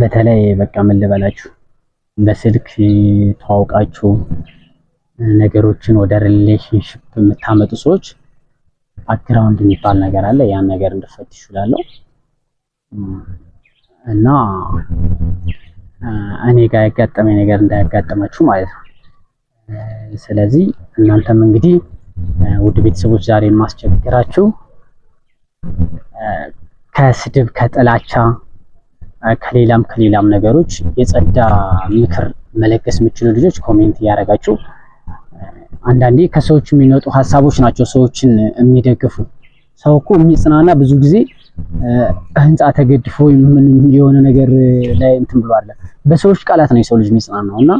በተለይ በቃ ምን ልበላችሁ በስልክ ተዋውቃችሁ ነገሮችን ወደ ሪሌሽንሽፕ የምታመጡ ሰዎች ባክግራውንድ የሚባል ነገር አለ። ያን ነገር እንድፈት ይችላለሁ እና እኔ ጋር ያጋጠመኝ ነገር እንዳያጋጠማችሁ ማለት ነው። ስለዚህ እናንተም እንግዲህ ውድ ቤተሰቦች ዛሬ የማስቸግራችሁ ከስድብ ከጥላቻ ከሌላም ከሌላም ነገሮች የጸዳ ምክር መለገስ የምችሉ ልጆች ኮሜንት እያደረጋችሁ አንዳንዴ ከሰዎች የሚመጡ ሀሳቦች ናቸው ሰዎችን የሚደግፉ። ሰው እኮ የሚጽናና ብዙ ጊዜ ህንፃ ተገድፎ የሆነ ነገር ላይ እንትን ብሎ አለ በሰዎች ቃላት ነው የሰው ልጅ የሚጽናናው እና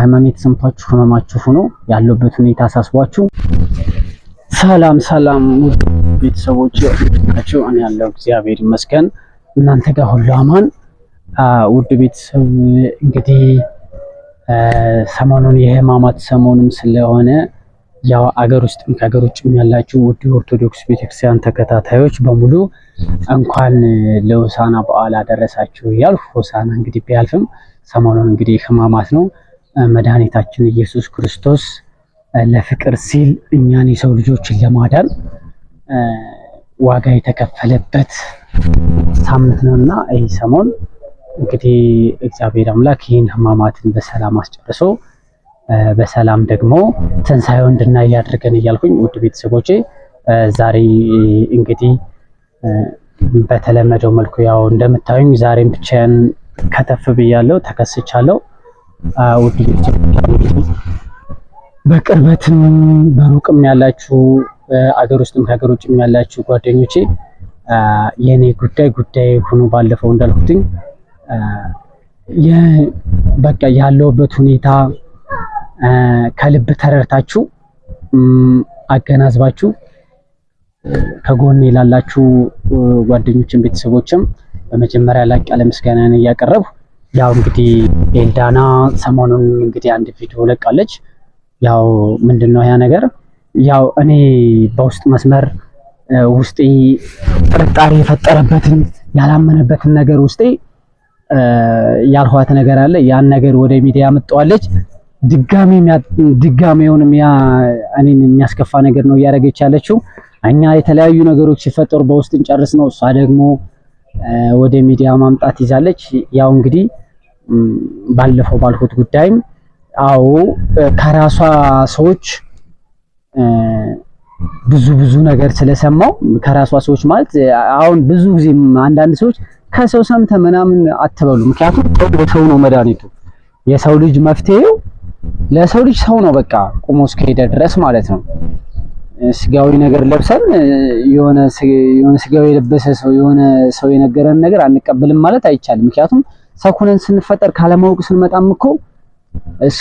ሃይማኖት ተሰምቷችሁ ህመማችሁ ሆኖ ያለበት ሁኔታ አሳስቧችሁ። ሰላም ሰላም ቤተሰቦች ናቸው። እኔ ያለው እግዚአብሔር ይመስገን። እናንተ ጋር ሁሉ አማን። ውድ ቤተሰብ እንግዲህ ሰሞኑን የህማማት ሰሞኑም ስለሆነ ያው አገር ውስጥም ከሀገር ውጭም ያላችሁ ውድ ኦርቶዶክስ ቤተክርስቲያን ተከታታዮች በሙሉ እንኳን ለሆሳና በዓል አደረሳችሁ እያልኩ ሆሳና እንግዲህ ቢያልፍም ሰሞኑን እንግዲህ ህማማት ነው። መድኃኒታችን ኢየሱስ ክርስቶስ ለፍቅር ሲል እኛን የሰው ልጆችን ለማዳን ዋጋ የተከፈለበት ሳምንት ነው እና ይህ ሰሞን እንግዲህ እግዚአብሔር አምላክ ይህን ህማማትን በሰላም አስጨርሶ በሰላም ደግሞ ትንሣኤውን እንድናይ ያድርገን እያልኩኝ ውድ ቤተሰቦቼ ዛሬ እንግዲህ በተለመደው መልኩ ያው እንደምታዩኝ ዛሬም ብቻዬን ከተፍ ብያለሁ፣ ተከስቻለሁ። ውድ በቅርበትም በሩቅም ያላችሁ አገር ውስጥም ከሀገር ውጭም ያላችሁ ጓደኞቼ የእኔ ጉዳይ ጉዳይ ሆኖ ባለፈው እንዳልኩትኝ በቃ ያለውበት ሁኔታ ከልብ ተረድታችሁ አገናዝባችሁ ከጎን ላላችሁ ጓደኞችን ቤተሰቦችም በመጀመሪያ ላቅ ያለ ምስጋናን እያቀረብ ያው እንግዲህ ኤልዳና ሰሞኑን እንግዲህ አንድ ቪዲዮ ለቃለች። ያው ምንድን ነው ያ ነገር ያው እኔ በውስጥ መስመር ውስጤ ጥርጣሬ የፈጠረበትን ያላመነበትን ነገር ውስጤ ያልኋት ነገር አለ። ያን ነገር ወደ ሚዲያ መጣዋለች። ድጋሚ ድጋሚውን እኔን የሚያስከፋ ነገር ነው እያደረገች ያለችው። እኛ የተለያዩ ነገሮች ሲፈጠሩ በውስጥን ጨርስ ነው። እሷ ደግሞ ወደ ሚዲያ ማምጣት ይዛለች። ያው እንግዲህ ባለፈው ባልኩት ጉዳይም አዎ ከራሷ ሰዎች ብዙ ብዙ ነገር ስለሰማው ከራሷ ሰዎች ማለት አሁን ብዙ ጊዜ አንዳንድ ሰዎች ከሰው ሰምተ ምናምን አትበሉ። ምክንያቱም ሰው ነው መድኃኒቱ። የሰው ልጅ መፍትሄው ለሰው ልጅ ሰው ነው በቃ ቁሞ እስከሄደ ድረስ ማለት ነው። ስጋዊ ነገር ለብሰን የሆነ ስጋዊ የለበሰ ሰው የሆነ ሰው የነገረን ነገር አንቀበልም ማለት አይቻልም። ምክንያቱም ሰው ሆነን ስንፈጠር ካለማወቅ ስንመጣም እኮ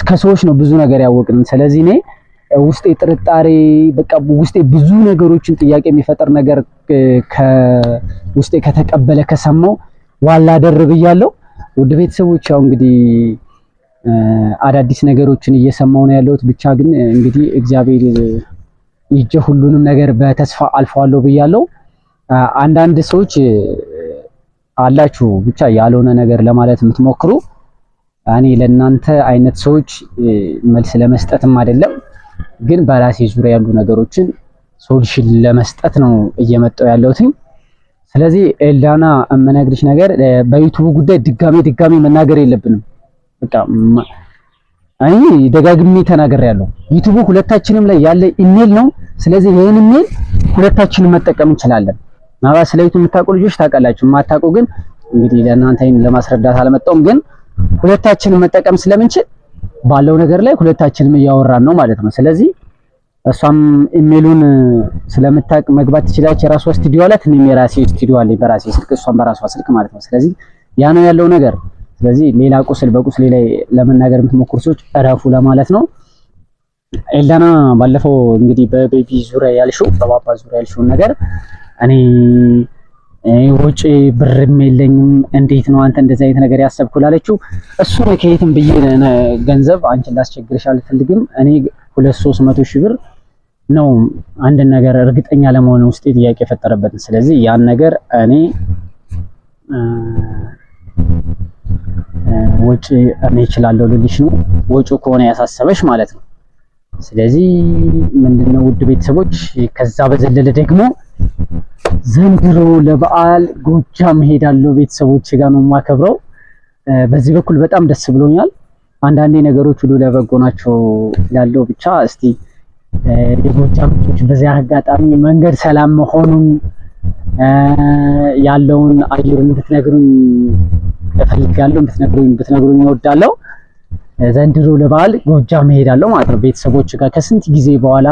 ከሰዎች ነው ብዙ ነገር ያወቅን። ስለዚህ እኔ ውስጤ ጥርጣሬ በቃ ውስጤ ብዙ ነገሮችን ጥያቄ የሚፈጠር ነገር ውስጤ ከተቀበለ ከሰማው ዋላ ደር ብያለሁ። ውድ ቤተሰቦች ያው እንግዲህ አዳዲስ ነገሮችን እየሰማው ነው ያለሁት። ብቻ ግን እንግዲህ እግዚአብሔር ይጀ ሁሉንም ነገር በተስፋ አልፈዋለሁ ብያለሁ። አንዳንድ ሰዎች አላችሁ ብቻ ያልሆነ ነገር ለማለት የምትሞክሩ እኔ ለእናንተ አይነት ሰዎች መልስ ለመስጠትም አይደለም ግን በራሴ ዙሪያ ያሉ ነገሮችን ሶሉሽን ለመስጠት ነው እየመጣው ያለሁትኝ። ስለዚህ ኤልዳና የምነግርሽ ነገር በዩቱቡ ጉዳይ ድጋሜ ድጋሜ መናገር የለብንም። በቃ ደጋግሚ ደጋግሜ ያለው ዩቱቡ ሁለታችንም ላይ ያለ ኢሜል ነው። ስለዚህ ይሄን ኢሜል ሁለታችንም መጠቀም እንችላለን። ማባ ስለ ዩቱብ የምታውቁ ልጆች ታውቃላችሁ፣ የማታውቁ ግን እንግዲህ ለእናንተ ለማስረዳት አልመጣሁም። ግን ሁለታችንም መጠቀም ስለምንችል ባለው ነገር ላይ ሁለታችንም እያወራን ነው ማለት ነው። ስለዚህ እሷም ኢሜሉን ስለምታቅ መግባት ትችላለች። የራሷ ስቱዲዮ አላት፣ እኔም የራሴ ስቱዲዮ አለኝ በራሴ ስልክ፣ እሷም በራሷ ስልክ ማለት ነው። ስለዚህ ያ ነው ያለው ነገር። ስለዚህ ሌላ ቁስል በቁስል ላይ ለመናገር የምትሞክሩ ሰዎች እረፉ ለማለት ነው። ኤልዳና ባለፈው እንግዲህ በቤቢ ዙሪያ ያልሽው በባባ ዙሪያ ያልሽውን ነገር እኔ ወጪ ብርም የለኝም፣ እንዴት ነው አንተ እንደዚህ አይነት ነገር ያሰብኩ ላለችው እሱ ከየትም ብዬ ገንዘብ አንቺን ላስቸግርሽ አልፈልግም። እኔ ሁለት ሶስት መቶ ሺህ ብር ነው አንድን ነገር እርግጠኛ ለመሆን ውስጤ ጥያቄ የፈጠረበትን። ስለዚህ ያን ነገር እኔ ወጪ እኔ እችላለሁ ልልሽ ነው፣ ወጪው ከሆነ ያሳሰበሽ ማለት ነው። ስለዚህ ምንድነው ውድ ቤተሰቦች ከዛ በዘለለ ደግሞ ዘንድሮ ለበዓል ጎጃም እሄዳለሁ ቤተሰቦች ጋር ነው የማከብረው። በዚህ በኩል በጣም ደስ ብሎኛል። አንዳንዴ ነገሮች ሁሉ ለበጎ ናቸው ያለው ብቻ እስቲ የጎጃም ልጆች በዚያ አጋጣሚ መንገድ ሰላም መሆኑን ያለውን አየሩ እንድትነግሩኝ እፈልጋለሁ፣ እንድትነግሩኝ ብትነግሩኝ እወዳለሁ። ዘንድሮ ለበዓል ጎጃም እሄዳለሁ ማለት ነው ቤተሰቦች ጋር ከስንት ጊዜ በኋላ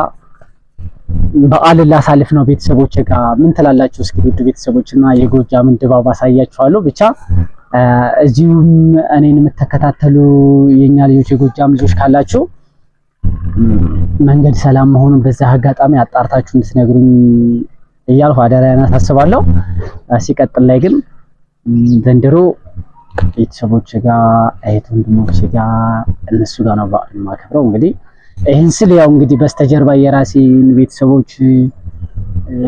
በአል ላሳልፍ ነው ቤተሰቦች ጋር ምን ትላላችሁ? እስኪ ውድ ቤተሰቦች እና የጎጃምን ድባብ አሳያችኋለሁ። ብቻ እዚሁም እኔን የምትከታተሉ የኛ ልጆች የጎጃም ልጆች ካላችሁ መንገድ ሰላም መሆኑን በዛ አጋጣሚ አጣርታችሁ እንድትነግሩኝ እያልሁ አደራዬን አሳስባለሁ። ሲቀጥል ላይ ግን ዘንድሮ ቤተሰቦች ጋር እህት ወንድሞች ጋር እነሱ ጋር ነው በዓል የማከብረው እንግዲህ ይህን ስል ያው እንግዲህ በስተጀርባ የራሴን ቤተሰቦች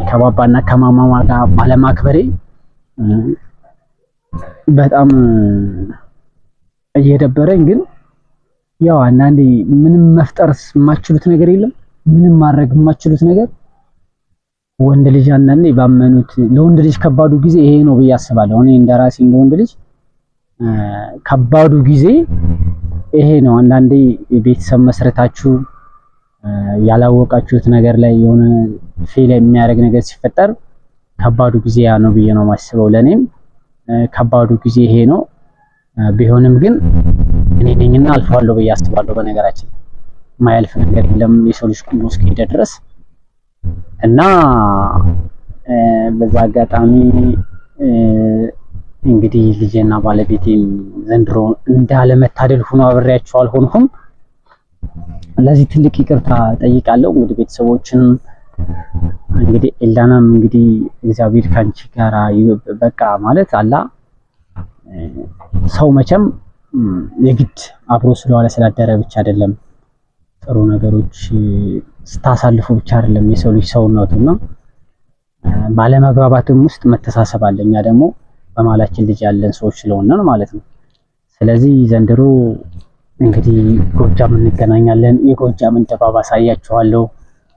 ከባባና ከማማማ ጋር ባለማክበሬ በጣም እየደበረኝ ግን ያው አንዳንዴ ምንም መፍጠር የማችሉት ነገር የለም። ምንም ማድረግ የማችሉት ነገር ወንድ ልጅ አንዳንዴ ባመኑት ለወንድ ልጅ ከባዱ ጊዜ ይሄ ነው ብዬ አስባለሁ። እኔ እንደራሴ እንደ ወንድ ልጅ ከባዱ ጊዜ ይሄ ነው። አንዳንዴ ቤተሰብ መስረታችሁ ያላወቃችሁት ነገር ላይ የሆነ ፌል የሚያደርግ ነገር ሲፈጠር ከባዱ ጊዜ ያ ነው ብዬ ነው ማስበው። ለእኔም ከባዱ ጊዜ ይሄ ነው። ቢሆንም ግን እኔ ነኝና አልፈዋለሁ ብዬ አስባለሁ። በነገራችን ማያልፍ ነገር የለም የሰው ልጅ ቁሞ እስከሄደ ድረስ እና በዛ አጋጣሚ እንግዲህ ልጄና ባለቤቴ ዘንድሮ እንዳለመታደል ሆኖ አብሬያቸው አልሆንኩም። ለዚህ ትልቅ ይቅርታ ጠይቃለሁ። እንግዲህ ቤተሰቦችን እንግዲህ ኤልዳናም እንግዲህ እግዚአብሔር ካንቺ ጋራ በቃ ማለት አላ ሰው መቼም የግድ አብሮ ስለዋለ ስላደረ ብቻ አይደለም ጥሩ ነገሮች ስታሳልፉ ብቻ አይደለም የሰው ልጅ ሰውነቱና ባለመግባባትም ውስጥ መተሳሰብ አለ። እኛ ደግሞ በማላችን ልጅ ያለን ሰዎች ስለሆነ ማለት ነው። ስለዚህ ዘንድሮ እንግዲህ ጎጃም እንገናኛለን። የጎጃምን ድባብ አሳያችኋለሁ።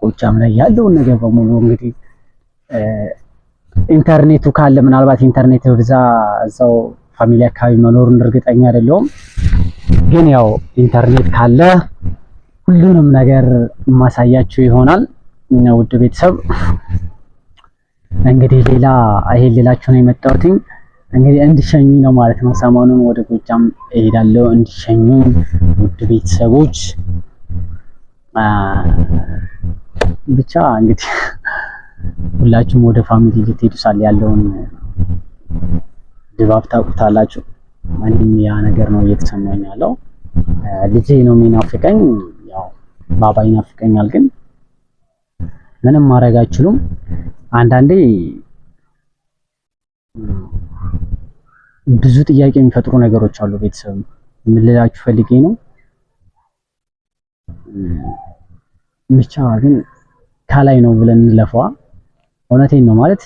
ጎጃም ላይ ያለውን ነገር በሙሉ እንግዲህ ኢንተርኔቱ ካለ ምናልባት ኢንተርኔት ብዛ እዛው ፋሚሊ አካባቢ መኖሩን እርግጠኛ አይደለሁም፣ ግን ያው ኢንተርኔት ካለ ሁሉንም ነገር የማሳያቸው ይሆናል። ውድ ቤተሰብ እንግዲህ ሌላ ይሄን ሌላችሁ ነው የመጣሁትኝ። እንግዲህ እንድሸኙ ነው ማለት ነው። ሰሞኑን ወደ ጎጃም እሄዳለሁ እንድሸኙ ውድ ቤተሰቦች ብቻ እንግዲህ ሁላችሁም ወደ ፋሚሊ ልትሄዱ ሳል ያለውን ድባብ ታውቁታላችሁ። እኔም ያ ነገር ነው እየተሰማኝ ያለው። ልጄ ነው የሚናፍቀኝ፣ ያው ባባ ይናፍቀኛል፣ ግን ምንም ማድረግ አይችሉም። አንዳንዴ ብዙ ጥያቄ የሚፈጥሩ ነገሮች አሉ። ቤተሰብ የምልላችሁ ፈልጌ ነው። ብቻ ግን ከላይ ነው ብለን እንለፈዋ። እውነቴን ነው ማለት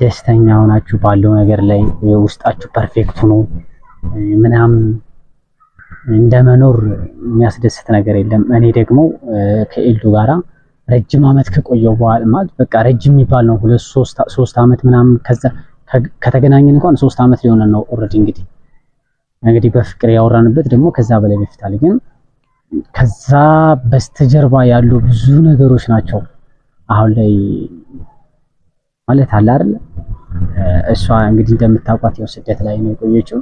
ደስተኛ ሆናችሁ ባለው ነገር ላይ ውስጣችሁ ፐርፌክት ነው ምናምን እንደ መኖር የሚያስደስት ነገር የለም። እኔ ደግሞ ከኤልዱ ጋራ ረጅም ዓመት ከቆየው በኋላ ማለት በቃ ረጅም የሚባል ነው ሁለት ሶስት ዓመት ምናምን ከዛ ከተገናኘን እንኳን ሶስት ዓመት ሊሆነ ነው ኦልሬዲ። እንግዲህ እንግዲህ በፍቅር ያወራንበት ደግሞ ከዛ በላይ በፊታል፣ ግን ከዛ በስተጀርባ ያሉ ብዙ ነገሮች ናቸው አሁን ላይ ማለት አለ አይደል። እሷ እንግዲህ እንደምታውቋት ያው ስደት ላይ ነው የቆየችው።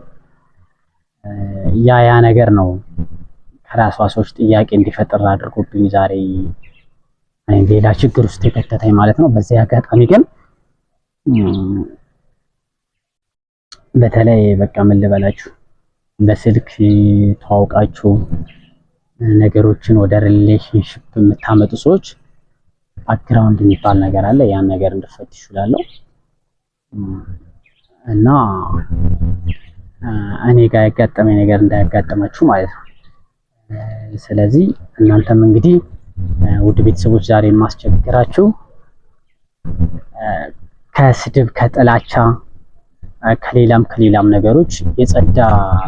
ያ ያ ነገር ነው ከራሷ ሰዎች ጥያቄ እንዲፈጠር አድርጎብኝ ዛሬ ሌላ ችግር ውስጥ የከተተኝ ማለት ነው። በዚህ አጋጣሚ ግን በተለይ በቃ ምን ልበላችሁ በስልክ ተዋውቃችሁ ነገሮችን ወደ ሪሌሽንሽፕ የምታመጡ ሰዎች ባክግራውንድ የሚባል ነገር አለ። ያን ነገር እንድፈት ይችላለሁ እና እኔ ጋር ያጋጠመኝ ነገር እንዳያጋጠማችሁ ማለት ነው። ስለዚህ እናንተም እንግዲህ ውድ ቤተሰቦች ዛሬ የማስቸግራችሁ ከስድብ ከጥላቻ ከሌላም ከሌላም ነገሮች የጸዳ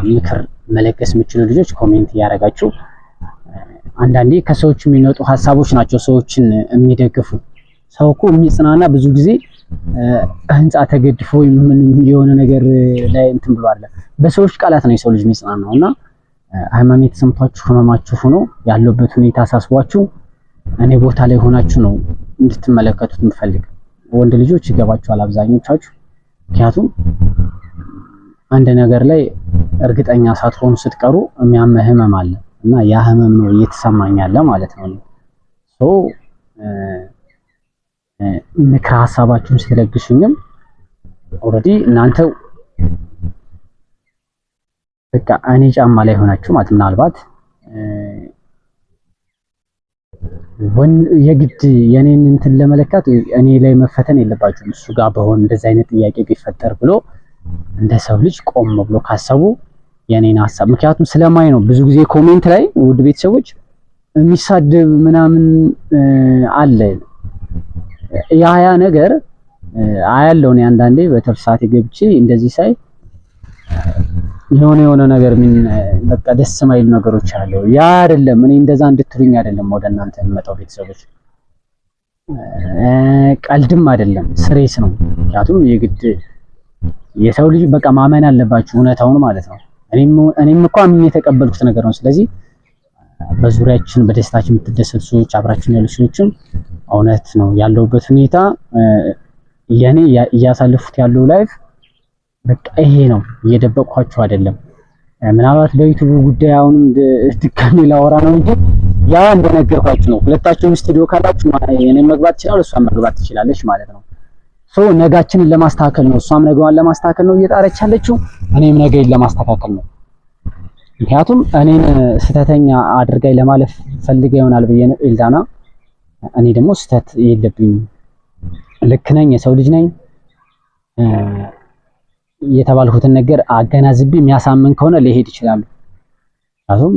ምክር መለገስ የምችሉ ልጆች ኮሜንት እያደረጋችሁ አንዳንዴ ከሰዎች የሚመጡ ሀሳቦች ናቸው ሰዎችን የሚደግፉ። ሰው እኮ የሚጽናና ብዙ ጊዜ ህንፃ ተገድፎ የሆነ ነገር ላይ እንትን ብሎ አለ በሰዎች ቃላት ነው የሰው ልጅ የሚጽናናው እና ሃይማኖ የተሰምቷችሁ ህመማችሁ ሆኖ ያለበት ሁኔታ አሳስቧችሁ እኔ ቦታ ላይ ሆናችሁ ነው እንድትመለከቱት የምፈልግ። ወንድ ልጆች ይገባችኋል አብዛኞቻችሁ ምክንያቱም አንድ ነገር ላይ እርግጠኛ ሳትሆኑ ስትቀሩ የሚያመ ህመም አለ እና ያ ህመም ነው እየተሰማኛለ ያለ ማለት ነው። ሶ ምክረ ሀሳባችሁን ስትለግሱኝም ኦልሬዲ እናንተ በቃ እኔ ጫማ ላይ ሆናችሁ ማለት ምናልባት የግድ የእኔን እንትን ለመለካት እኔ ላይ መፈተን የለባችሁም። እሱ ጋር በሆን እንደዚህ አይነት ጥያቄ ቢፈጠር ብሎ እንደ ሰው ልጅ ቆም ብሎ ካሰቡ የኔን ሀሳብ ምክንያቱም ስለማይ ነው። ብዙ ጊዜ ኮሜንት ላይ ውድ ቤተሰቦች የሚሳደብ ምናምን አለ። ያ ያ ነገር አያለውን አንዳንዴ በትርፍ ሰዓት ገብቼ እንደዚህ ሳይ የሆነ የሆነ ነገር ምን በቃ ደስ ማይል ነገሮች አለው። ያ አይደለም እኔ እንደዛ እንድትሉኝ አይደለም ወደ እናንተ የምመጣው ቤተሰቦች። ቀልድም አይደለም ስሬስ ነው። ምክንያቱም የግድ የሰው ልጅ በቃ ማመን አለባችሁ እውነታውን ማለት ነው። እኔም እኮ አምኜ የተቀበልኩት ነገር ነው። ስለዚህ በዙሪያችን በደስታችን የምትደሰቱ ሰዎች፣ አብራችን ያሉ ሰዎችም እውነት ነው ያለውበት ሁኔታ የኔ እያሳለፉት ያለው ላይፍ በቃ ይሄ ነው፣ እየደበቅኳቸው አይደለም። ምናልባት በዩቱብ ጉዳይ አሁን ድጋሜ ላወራ ነው እንጂ ያ እንደነገርኳችሁ ነው። ሁለታችሁም ስቱዲዮ ካላችሁ እኔም መግባት ይችላል፣ እሷን መግባት ትችላለች ማለት ነው። ነጋችንን ለማስተካከል ነው። እሷም ነገዋን ለማስተካከል ነው እየጣረች ያለችው፣ እኔም ነገይን ለማስተካከል ነው። ምክንያቱም እኔን ስህተተኛ አድርጋኝ ለማለፍ ፈልገ ይሆናል ብዬ ነው ኤልዳና። እኔ ደግሞ ስህተት የለብኝም፣ ልክ ነኝ፣ የሰው ልጅ ነኝ። የተባልኩትን ነገር አገናዝቤ የሚያሳምን ከሆነ ሊሄድ ይችላል። ምክንያቱም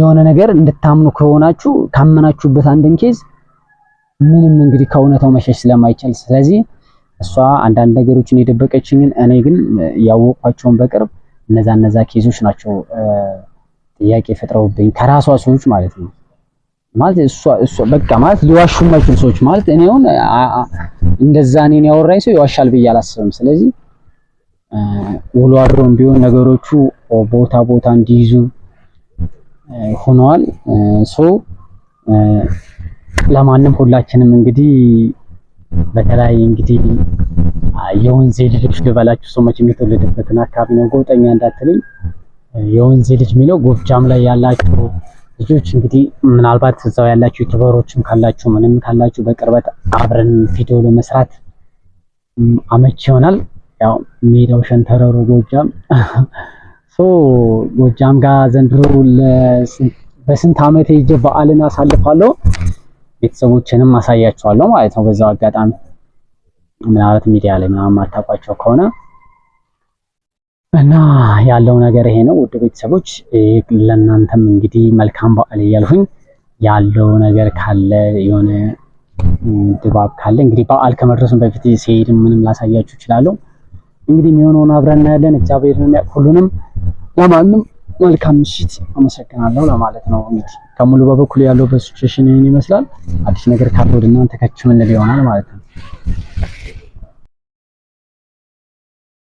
የሆነ ነገር እንድታምኑ ከሆናችሁ ካመናችሁበት አንድን ኬዝ ምንም እንግዲህ ከእውነታው መሸሽ ስለማይቻል፣ ስለዚህ እሷ አንዳንድ ነገሮችን የደበቀችኝን እኔ ግን ያወቅኳቸውን በቅርብ እነዛ እነዛ ኬዞች ናቸው ጥያቄ ፈጥረውብኝ ከራሷ ሰዎች ማለት ነው። ማለት እሷ እሷ በቃ ማለት ሊዋሹ የማይችሉ ሰዎች ማለት እኔ አሁን እንደዛ እኔን ያወራኝ ሰው ይዋሻል ብዬ አላስብም። ስለዚህ ውሎ አድሮም ቢሆን ነገሮቹ ቦታ ቦታ እንዲይዙ ሆነዋል ሶ ለማንም ሁላችንም እንግዲህ በተለይ እንግዲህ የወንዜ ልጆች ልበላችሁ ሰው መቼም የተወለደበትን አካባቢ ነው። ጎጠኛ እንዳትልኝ የወንዜ ልጅ የሚለው ጎጃም ላይ ያላችሁ ልጆች እንግዲህ ምናልባት እዛው ያላችሁ ዩቱበሮችም ካላችሁ ምንም ካላችሁ በቅርበት አብረን ቪዲዮ ለመስራት አመች ይሆናል። ያው ሜዳው ሸንተረሩ ጎጃም ሶ ጎጃም ጋር ዘንድሮ በስንት ዓመት ሄጄ በዓልን አሳልፋለሁ። ቤተሰቦችንም አሳያቸዋለሁ ማለት ነው። በዛው አጋጣሚ ምናልባት ሚዲያ ላይ ምናምን አታውቋቸው ከሆነ እና ያለው ነገር ይሄ ነው። ውድ ቤተሰቦች ለእናንተም እንግዲህ መልካም በዓል እያልሁኝ ያለው ነገር ካለ የሆነ ድባብ ካለ እንግዲህ በዓል ከመድረሱን በፊት ሲሄድ ምንም ላሳያችሁ እችላለሁ። እንግዲህ የሚሆነውን አብረን እናያለን። እግዚአብሔር ነው የሚያውቅ ሁሉንም ለማንም መልካም ምሽት፣ አመሰግናለሁ ለማለት ነው። እንግዲህ ከሙሉ በበኩል ያለው በሲቹዌሽን ይህን ይመስላል። አዲስ ነገር ካለ ወደ እናንተ ከች ምንል ይሆናል ማለት ነው።